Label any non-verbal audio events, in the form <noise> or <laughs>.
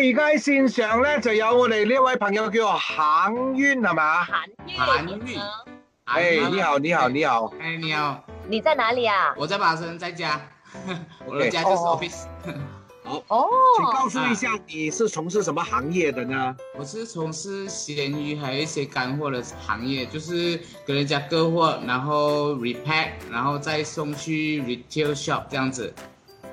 而家喺線上咧就有我哋呢位朋友叫做航運係嘛？航運運，哎、欸，你好，你好，你好，哎、欸，你好，你在哪裏啊？我在馬鞍山在家， <laughs> 我家就是 office。哦哦 <laughs> 好，哦，請告訴一下、啊、你是從事什麼行業的呢？嗯、我是從事鹹魚還有一些乾貨的行業，就是跟人家割貨，然後 repack，然後再送去 retail shop，這樣子。